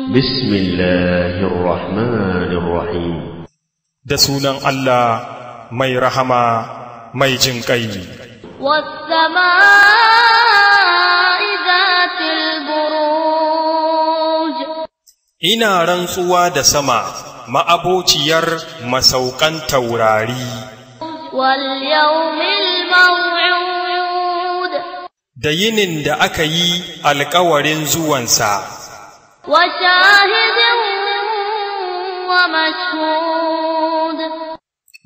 بسم da sunan Allah mai rahama mai jin kai ina rantsuwa da sama ma'abociyar masaukan taurari da yinin da aka yi alƙawarin zuwansa وشاهد ومشهود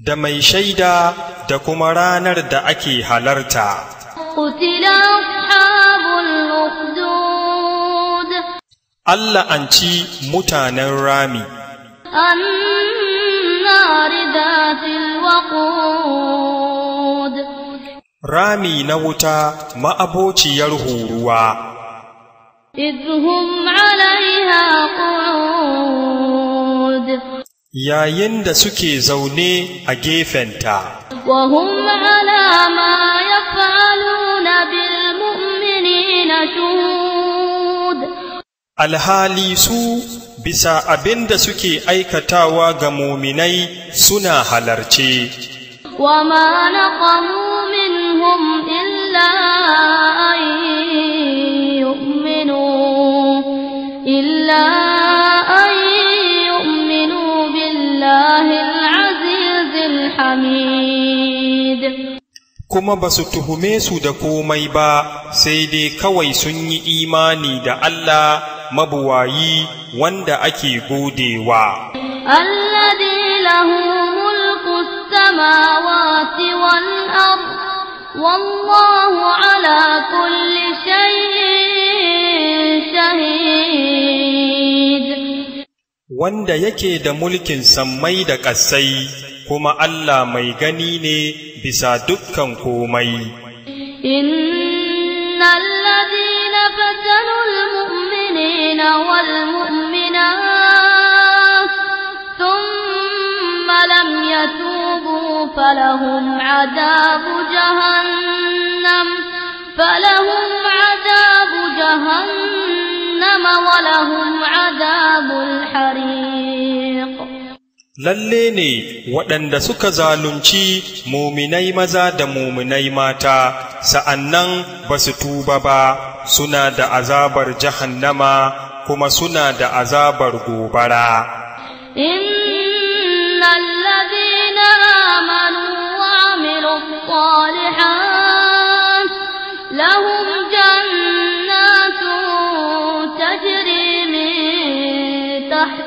da mai shaida da kuma ranar da ake halarta Allah an ci mutanen rami rami na wuta ma'abociyar horuwa إذ هم عليها قعود yayin da suke zaune a gefenta وهم على ما يفعلون بالمؤمنين شهود alhali su bisa abinda suke aikatawa ga muminai suna halarce وما نقموا إلا أن يؤمنوا بالله العزيز الحميد kuma ba su tuhume su da komai ba sai dai kawai sun yi imani da Allah mabuwayi wanda ake godewa. Alladhi lahu mulku samawati wal ard wallahu ala kulli shay'in wanda yake da mulkin sammai da ƙasai kuma Allah mai gani ne bisa dukkan komai innal ladina fatanul mu'minina wal mu'minat thumma lam yatubu falahum adabu jahannam falahum adabu jahannam ولهم عذاب lalle ne waɗanda suka zalunci muminai maza da muminai mata sa'annan ba su tuba ba suna da azabar jahannama kuma suna da azabar gobara.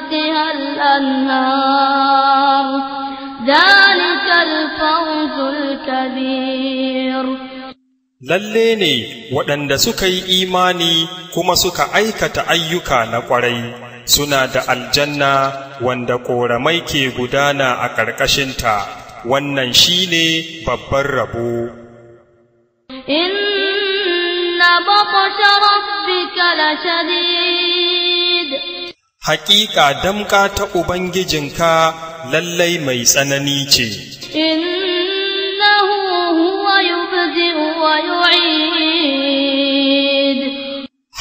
تحتها الأنهار ذلك الفوز الكبير lalle ne waɗanda suka yi imani kuma suka aikata ayyuka na ƙwarai suna da aljanna wanda ƙoramai ke gudana a ƙarƙashinta wannan shi ne babban rabo inna baqta rabbika lashadid haƙiƙa damƙa ta Ubangijinka lallai mai tsanani ce. Innahu huwa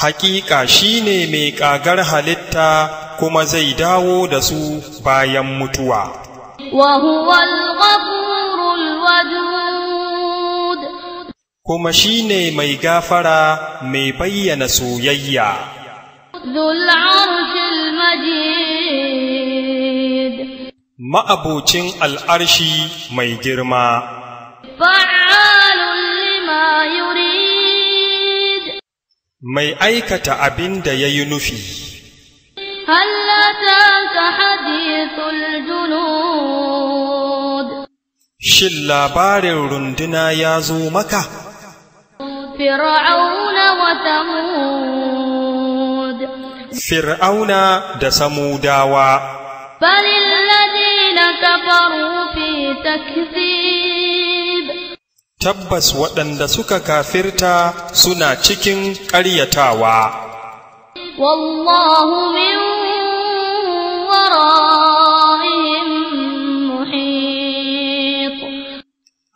Haƙiƙa shi ne mai ƙagar halitta kuma zai dawo da su bayan mutuwa. Kuma shi ne mai gafara mai bayyana soyayya. Zul'arshin ma'abocin al'arshi mai girma. Mai aikata abin da ya yi nufi. Shin labarin runduna ya zo maka? Fir'auna da Samudawa. Balil كفروا في تكذيب tabbas waɗanda suka kafirta suna cikin ƙaryatawa.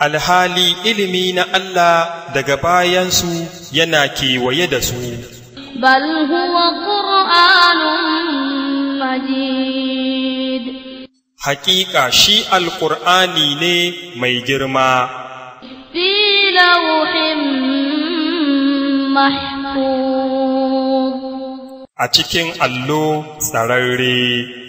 Alhali ilimi na Allah daga bayansu yana kewaye da su. Bal huwa Qur'anun haƙiƙa shi alkur'ani ne mai girma a cikin allo tsararre